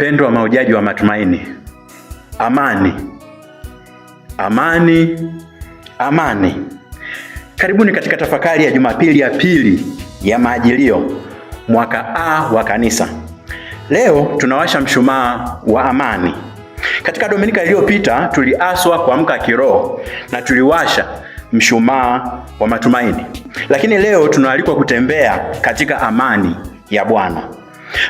Wapendwa mahujaji wa matumaini, amani, amani, amani. Karibuni katika tafakari ya Jumapili ya pili ya maajilio mwaka A wa Kanisa. Leo tunawasha mshumaa wa amani. Katika dominika iliyopita tuliaswa kuamka kiroho na tuliwasha mshumaa wa matumaini, lakini leo tunaalikwa kutembea katika amani ya Bwana.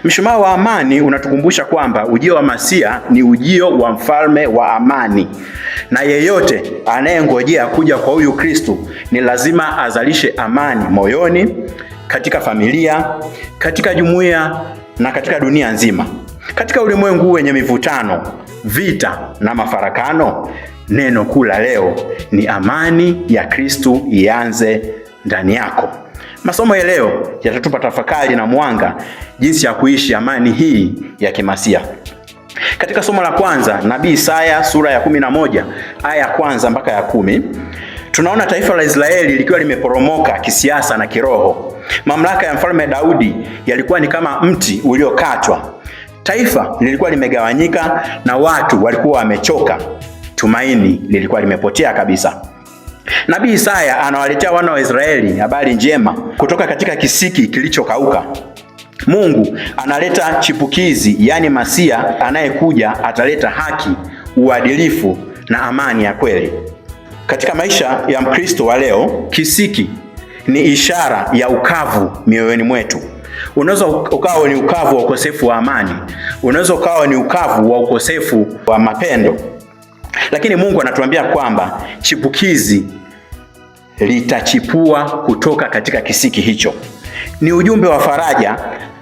Mshumaa wa amani unatukumbusha kwamba ujio wa Masia ni ujio wa mfalme wa amani, na yeyote anayengojea kuja kwa huyu kristu ni lazima azalishe amani moyoni, katika familia, katika jumuiya na katika dunia nzima. Katika ulimwengu wenye mivutano, vita na mafarakano, neno kuu la leo ni amani ya kristu ianze ndani yako. Masomo ya leo yatatupa tafakari na mwanga jinsi ya kuishi amani hii ya kimasia. Katika somo la kwanza nabii Isaya sura ya kumi na moja aya ya kwanza mpaka ya kumi tunaona taifa la Israeli likiwa limeporomoka kisiasa na kiroho. Mamlaka ya mfalme Daudi yalikuwa ni kama mti uliokatwa. Taifa lilikuwa limegawanyika na watu walikuwa wamechoka. Tumaini lilikuwa limepotea kabisa. Nabii Isaya anawaletea wana wa Israeli habari njema kutoka katika kisiki kilichokauka. Mungu analeta chipukizi, yaani Masia anayekuja ataleta haki, uadilifu na amani ya kweli. Katika maisha ya Mkristo wa leo, kisiki ni ishara ya ukavu mioyoni mwetu. Unaweza ukawa ni ukavu wa ukosefu wa amani, unaweza ukawa ni ukavu wa ukosefu wa mapendo, lakini Mungu anatuambia kwamba chipukizi litachipua kutoka katika kisiki hicho. Ni ujumbe wa faraja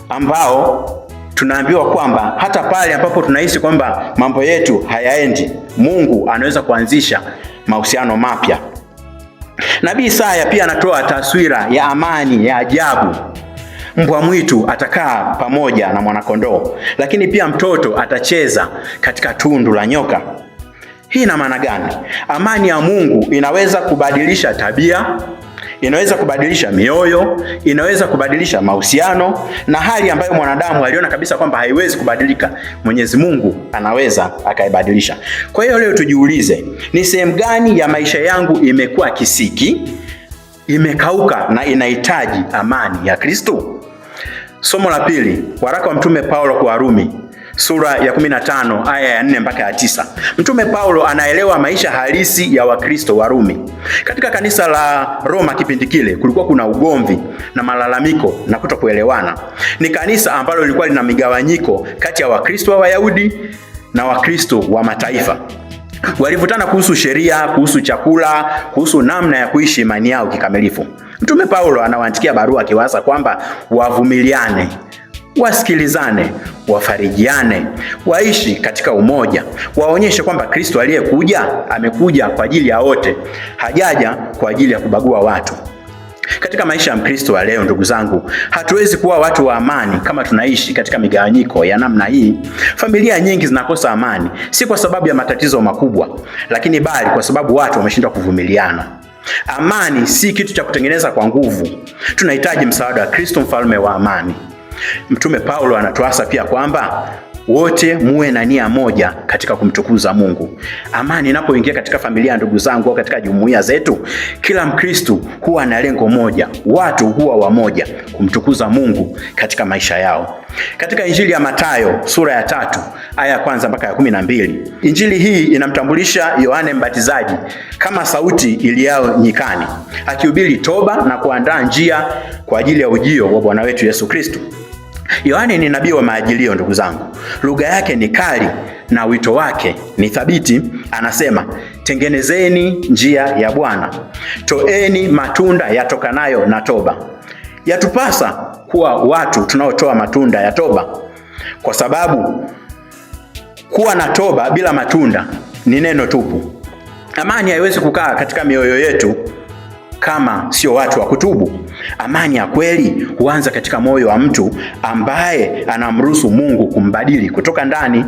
ambao tunaambiwa kwamba hata pale ambapo tunahisi kwamba mambo yetu hayaendi, Mungu anaweza kuanzisha mahusiano mapya. Nabii Isaya pia anatoa taswira ya amani ya ajabu. Mbwa mwitu atakaa pamoja na mwanakondoo, lakini pia mtoto atacheza katika tundu la nyoka. Hii ina maana gani? Amani ya Mungu inaweza kubadilisha tabia, inaweza kubadilisha mioyo, inaweza kubadilisha mahusiano na hali ambayo mwanadamu aliona kabisa kwamba haiwezi kubadilika, Mwenyezi Mungu anaweza akaibadilisha. Kwa hiyo leo tujiulize, ni sehemu gani ya maisha yangu imekuwa kisiki, imekauka na inahitaji amani ya Kristo? Somo la pili, waraka wa Mtume Paulo kwa Warumi sura ya 15 aya ya 4 mpaka ya 9. Mtume Paulo anaelewa maisha halisi ya Wakristo wa rumi Katika kanisa la Roma kipindi kile kulikuwa kuna ugomvi na malalamiko na kutokuelewana. Ni kanisa ambalo lilikuwa lina migawanyiko kati ya Wakristo wa Wayahudi na Wakristo wa mataifa. Walivutana kuhusu sheria, kuhusu chakula, kuhusu namna ya kuishi imani yao kikamilifu. Mtume Paulo anawaandikia barua akiwaasa kwamba wavumiliane wasikilizane, wafarijiane, waishi katika umoja, waonyeshe kwamba Kristo aliyekuja amekuja kwa ajili ya wote, hajaja kwa ajili ya kubagua watu. Katika maisha ya Mkristo wa leo, ndugu zangu, hatuwezi kuwa watu wa amani kama tunaishi katika migawanyiko ya namna hii. Familia nyingi zinakosa amani, si kwa sababu ya matatizo makubwa, lakini bali kwa sababu watu wameshindwa kuvumiliana. Amani si kitu cha kutengeneza kwa nguvu. Tunahitaji msaada wa Kristo, mfalme wa amani. Mtume Paulo anatuasa pia kwamba wote muwe na nia moja katika kumtukuza Mungu. Amani inapoingia katika familia ya ndugu zangu au katika jumuiya zetu, kila Mkristo huwa na lengo moja, watu huwa wamoja, kumtukuza Mungu katika maisha yao. Katika Injili ya Mathayo sura ya tatu aya ya kwanza mpaka ya kumi na mbili Injili hii inamtambulisha Yohane Mbatizaji kama sauti iliyao nyikani, akihubiri toba na kuandaa njia kwa ajili ya ujio wa Bwana wetu Yesu Kristo. Yohane ni nabii wa maajilio, ndugu zangu. Lugha yake ni kali na wito wake ni thabiti. Anasema, tengenezeni njia ya Bwana, toeni matunda yatokanayo na toba. Yatupasa kuwa watu tunaotoa matunda ya toba, kwa sababu kuwa na toba bila matunda ni neno tupu. Amani haiwezi kukaa katika mioyo yetu kama sio watu wa kutubu. Amani ya kweli huanza katika moyo wa mtu ambaye anamruhusu Mungu kumbadili kutoka ndani.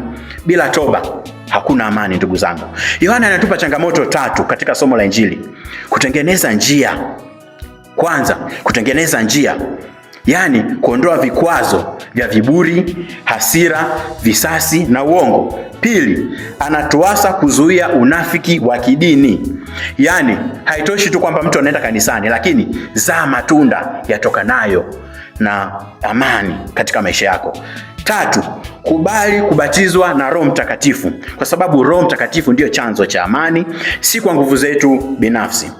Bila toba hakuna amani, ndugu zangu. Yohana anatupa changamoto tatu katika somo la Injili: kutengeneza njia. Kwanza, kutengeneza njia, yaani kuondoa vikwazo vya viburi, hasira, visasi na uongo. Pili, anatuasa kuzuia unafiki wa kidini Yaani haitoshi tu kwamba mtu anaenda kanisani, lakini zaa matunda yatokanayo na amani katika maisha yako. Tatu, kubali kubatizwa na Roho Mtakatifu, kwa sababu Roho Mtakatifu ndiyo chanzo cha amani, si kwa nguvu zetu binafsi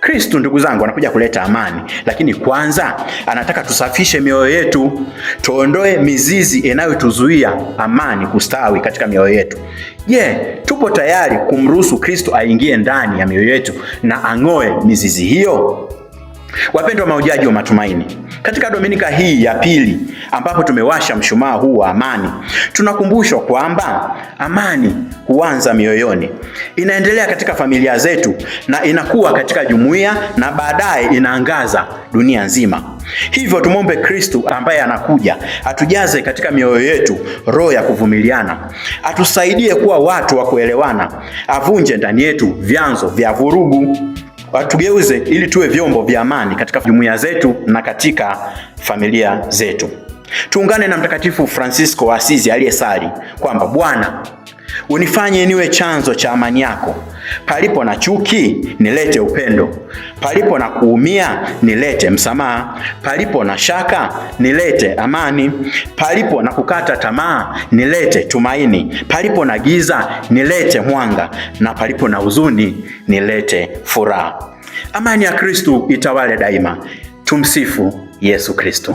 kristu ndugu zangu anakuja kuleta amani, lakini kwanza anataka tusafishe mioyo yetu, tuondoe mizizi inayotuzuia amani kustawi katika mioyo yetu. Je, yeah, tupo tayari kumruhusu Kristo aingie ndani ya mioyo yetu na ang'oe mizizi hiyo? Wapendwa mahujaji wa matumaini, katika dominika hii ya pili, ambapo tumewasha mshumaa huu wa amani, tunakumbushwa kwamba amani huanza mioyoni, inaendelea katika familia zetu na inakuwa katika jumuiya na baadaye inaangaza dunia nzima. Hivyo tumwombe Kristu ambaye anakuja atujaze katika mioyo yetu roho ya kuvumiliana, atusaidie kuwa watu wa kuelewana, avunje ndani yetu vyanzo vya vurugu. Watugeuze ili tuwe vyombo vya amani katika jumuiya zetu na katika familia zetu. Tuungane na Mtakatifu Francisco wa Asizi aliyesali kwamba Bwana, unifanye niwe chanzo cha amani yako. Palipo na chuki, nilete upendo. Palipo na kuumia, nilete msamaha. Palipo na shaka, nilete amani. Palipo na kukata tamaa, nilete tumaini. Palipo na giza, nilete mwanga, na palipo na huzuni, nilete furaha. Amani ya Kristu itawale daima. Tumsifu Yesu Kristo.